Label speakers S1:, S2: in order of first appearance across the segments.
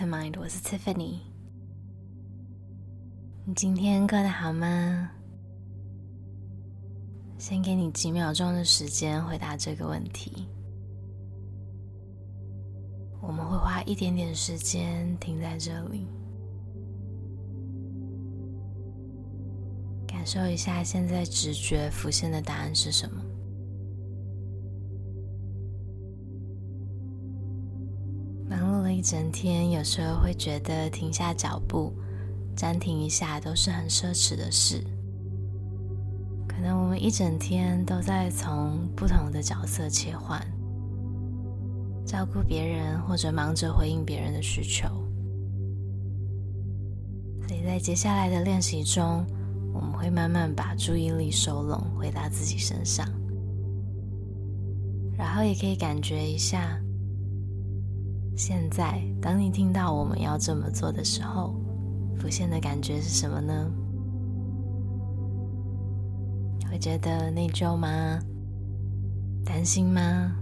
S1: To mind, 我是 Tiffany，你今天過得好嗎？先給你幾秒鐘的時間回答這個問題。我們會花一點點時間停在這裡，感受一下現在直覺浮現的答案是什麼。整天有時候會覺得停下腳步、暫停一下都是很奢侈的事。可能我們一整天都在從不同的角色切換，照顧別人或者忙着回應別人的需求。所以在接下來的練習中，我們會慢慢把注意力收攏回到自己身上，然後也可以感覺一下。現在，當你聽到我們要這麼做的時候，浮現的感覺是什麼呢？會覺得內疚嗎？擔心嗎？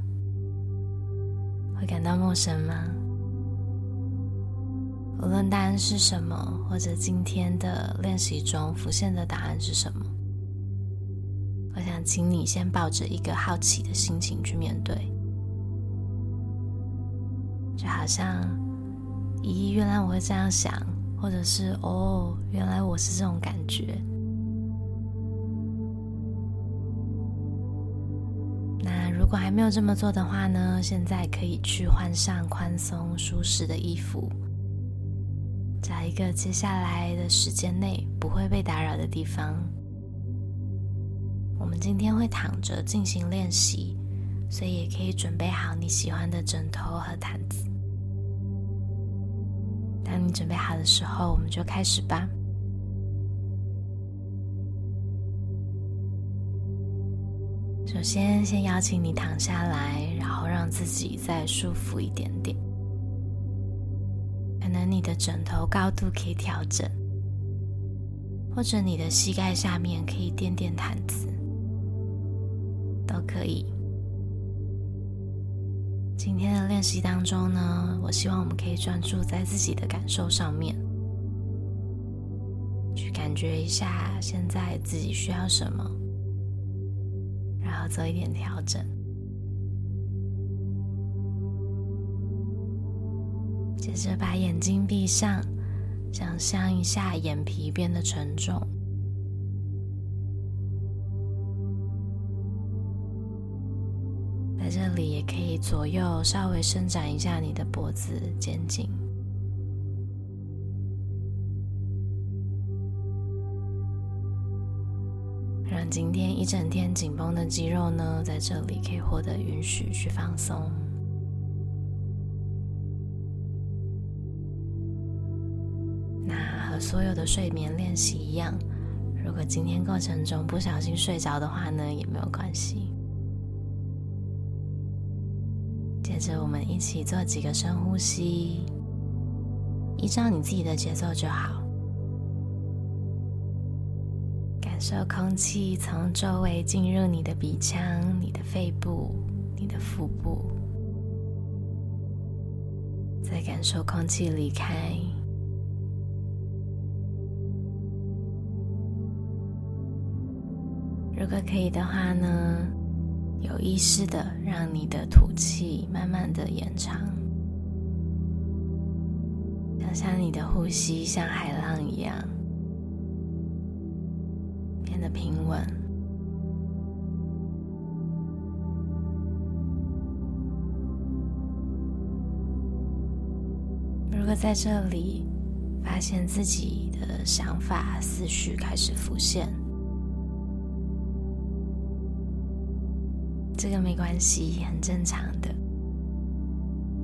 S1: 會感到陌生嗎？無論答案是什麼，或者今天的練習中浮現的答案是什麼，我想請你先抱着一個好奇的心情去面對。就好像，咦，原來我會這樣想，或者是哦，原來我是這種感覺。那如果還沒有這麼做的話呢？現在可以去換上寬鬆舒適的衣服，找一個接下來的時間內不會被打擾的地方。我們今天會躺着進行練習，所以也可以準備好你喜歡的枕頭和毯子。當、啊、你準備好的時候，我們就開始吧。首先，先邀請你躺下來，然後讓自己再舒服一點點。可能你的枕頭高度可以調整，或者你的膝蓋下面可以墊墊毯子，都可以。今天的練習當中呢，我希望我們可以專注在自己的感受上面，去感覺一下現在自己需要什麼，然後做一點調整。接着把眼睛閉上，想象一下眼皮變得沉重。你左右稍微伸展一下你的脖子、肩頸，讓今天一整天緊繃的肌肉呢，在這裡可以獲得允許去放鬆。那和所有的睡眠練習一樣，如果今天過程中不小心睡着的話呢，也沒有關係。着我們一起做幾個深呼吸，依照你自己的節奏就好。感受空氣從周圍進入你的鼻腔、你的肺部、你的腹部，再感受空氣離開。如果可以的話呢，有意識的，讓你的吐氣慢慢的延長，想象你的呼吸像海浪一樣，變得平穩。如果在這裡發現自己的想法、思緒開始浮現，這個沒關係，很正常的。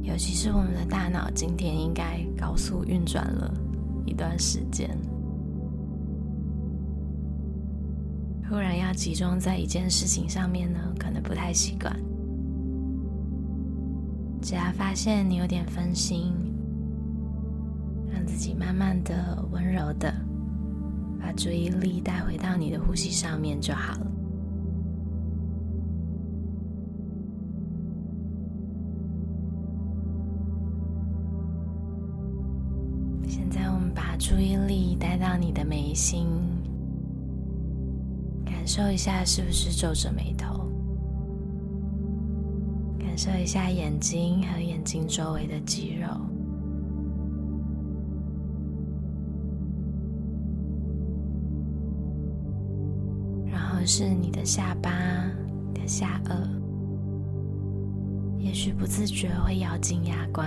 S1: 尤其是我們的大腦今天應該高速運轉了一段時間，突然要集中在一件事情上面呢，可能不太習慣。只要發現你有點分心，讓自己慢慢的、溫柔的，把注意力帶回到你的呼吸上面就好了。讓你的眉心感受一下，是不是皺着眉頭？感受一下眼睛和眼睛周圍的肌肉，然後是你的下巴、你的下顎，也許不自覺會咬緊牙關，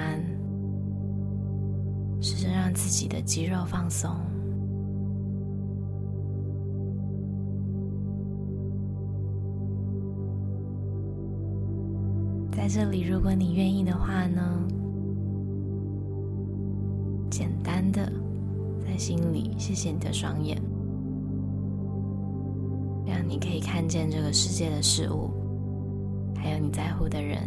S1: 試着讓自己的肌肉放鬆。在這裡，如果你願意的話呢，簡單的在心裡謝謝你的雙眼，讓你可以看見這個世界的事物，還有你在乎的人。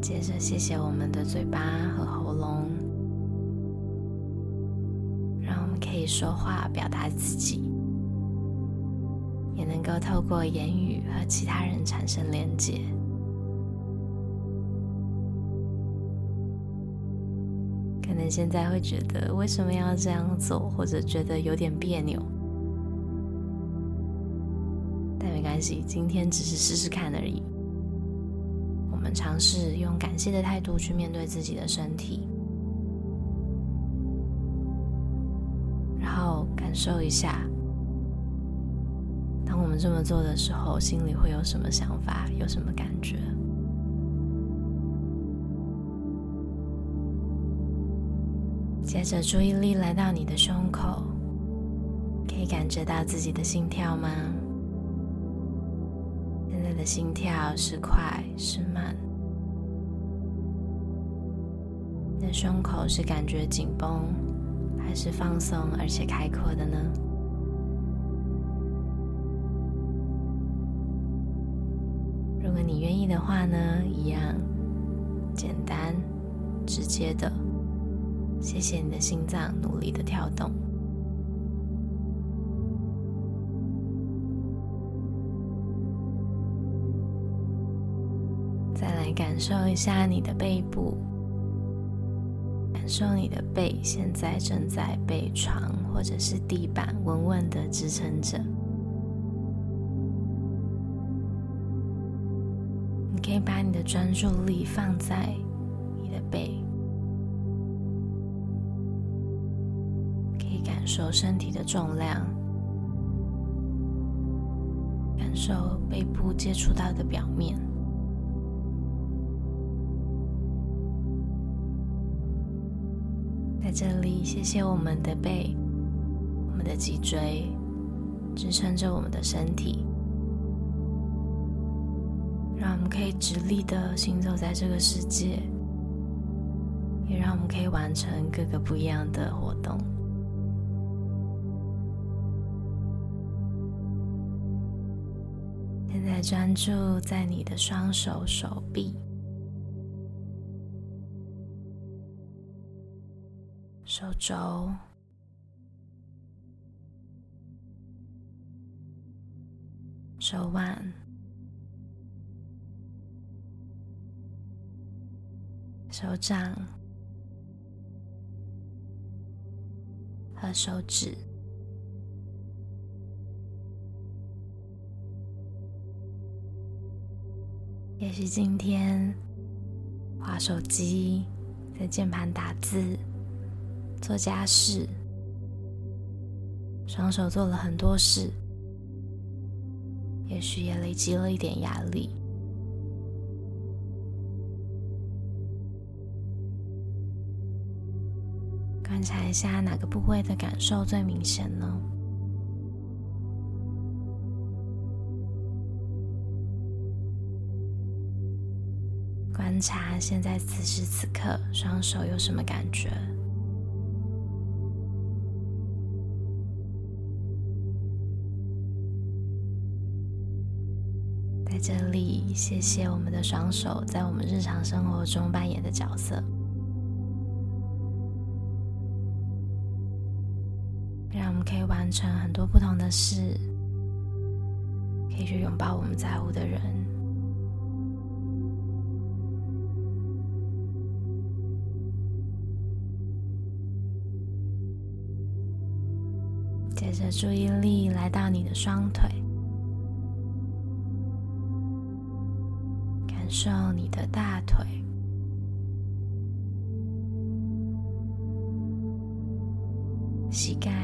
S1: 接着，謝謝我們的嘴巴和喉嚨，讓我們可以說話，表達自己。也能夠透過言語和其他人產生連結。可能現在會覺得為什麼要這樣做，或者覺得有點彆扭，但沒關係，今天只是試試看而已。我們嘗試用感謝的態度去面對自己的身體，然後感受一下。這麼做的時候，心裡會有什麼想法？有什麼感覺？接着注意力來到你的胸口，可以感覺到自己的心跳嗎？現在的心跳是快是慢？你的胸口是感覺緊繃，還是放鬆而且開闊的呢？如果你願意的話呢，一樣簡單直接的。謝謝你的心臟努力的跳動。再來感受一下你的背部，感受你的背現在正在被床或者是地板穩穩的支撐着。你把你的專注力放在你的背，可以感受身體的重量，感受背部接觸到的表面，在這裡，謝謝我們的背，我們的脊椎支撐着我們的身體。讓我們可以直立的行走在這個世界，也讓我們可以完成各個不一樣的活動。現在專注在你的雙手、手臂、手肘、手腕。手掌和手指，也許今天滑手機，在鍵盤打字，做家事，雙手做了很多事，也許也累積了一點壓力。觀察一下哪個部位的感受最明顯呢？觀察現在此時此刻雙手有什麼感覺。在這裡，謝謝我們的雙手在我們日常生活中扮演的角色。可以完成很多不同的事，可以去擁抱我們在乎的人。接着，注意力來到你的雙腿，感受你的大腿、膝蓋。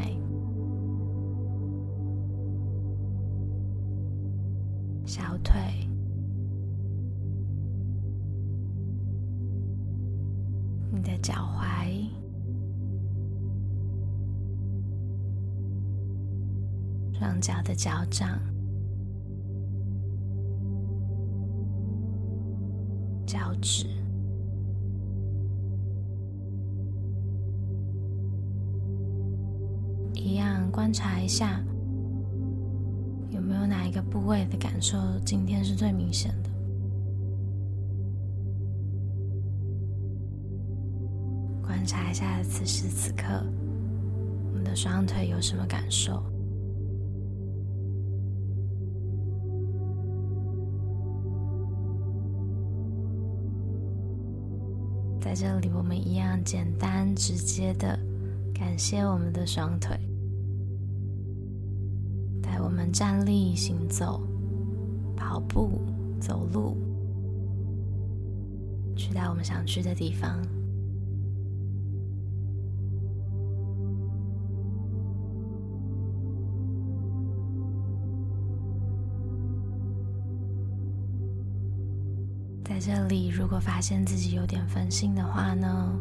S1: 小腿、你的腳踝，雙腳的腳掌、腳趾，一樣觀察一下。哪一個部位的感受今天是最明顯的？觀察一下，此時此刻我們的雙腿有什麼感受？在這裡，我們一樣簡單直接的感謝我們的雙腿。我們站立、行走、跑步、走路，去到我們想去的地方。在這裡，如果發現自己有點分心的話呢，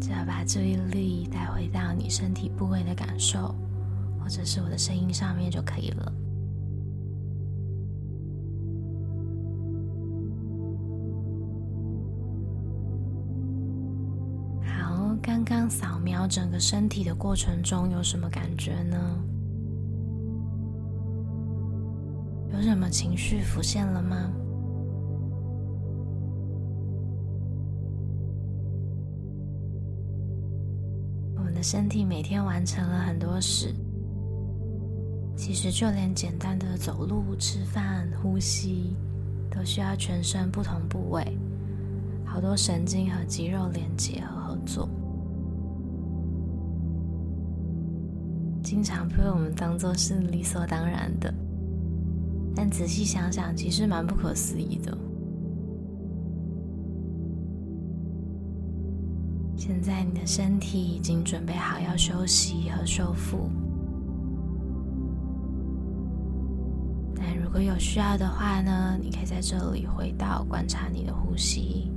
S1: 只要把注意力，力帶回到你身體部位的感受。或者是我的聲音上面就可以了。好，剛剛掃描整個身體的過程中，有什麼感覺呢？有什麼情緒浮現了嗎？我們的身體每天完成了很多事。其實，就連簡單的走路、吃飯、呼吸，都需要全身不同部位、好多神經和肌肉連接和合作。經常被我們當作是理所當然的，但仔細想想，其實蠻不可思議的。現在，你的身體已經準備好要休息和修復。如果有需要的話呢，你可以在這裡回到觀察你的呼吸，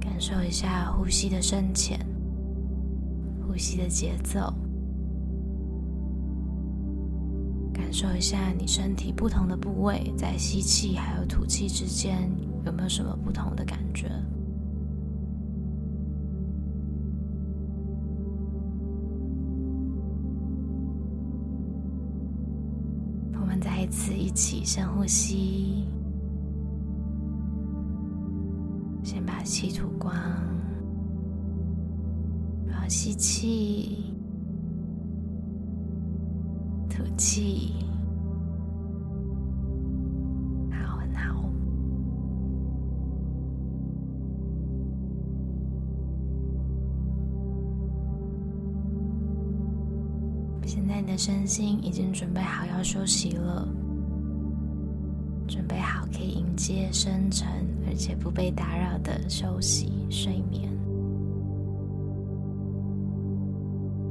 S1: 感受一下呼吸的深淺、呼吸的節奏，感受一下你身體不同的部位，在吸氣還有吐氣之間有沒有什麼不同的感覺。此一起深呼吸，先把氣吐光，然後吸氣、吐氣，好，很好。現在你的身心已經準備好要休息了。準備好可以迎接深沉而且不被打擾的休息睡眠。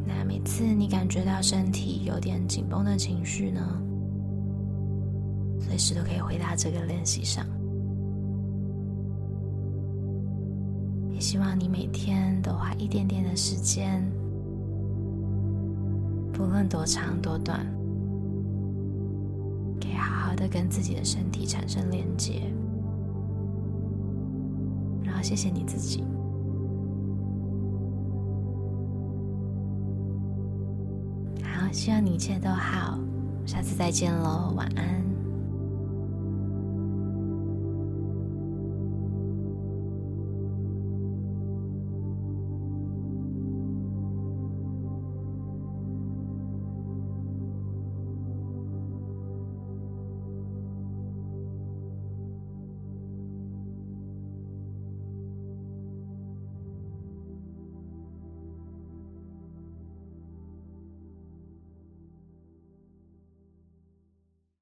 S1: 那每次你感覺到身體有點緊繃的情緒呢，隨時都可以回到這個練習上，也希望你每天都花一點點的時間，不論多長多短，的跟自己的身體產生連接，然後謝謝你自己。好，希望你一切都好，下次再見嘍，晚安。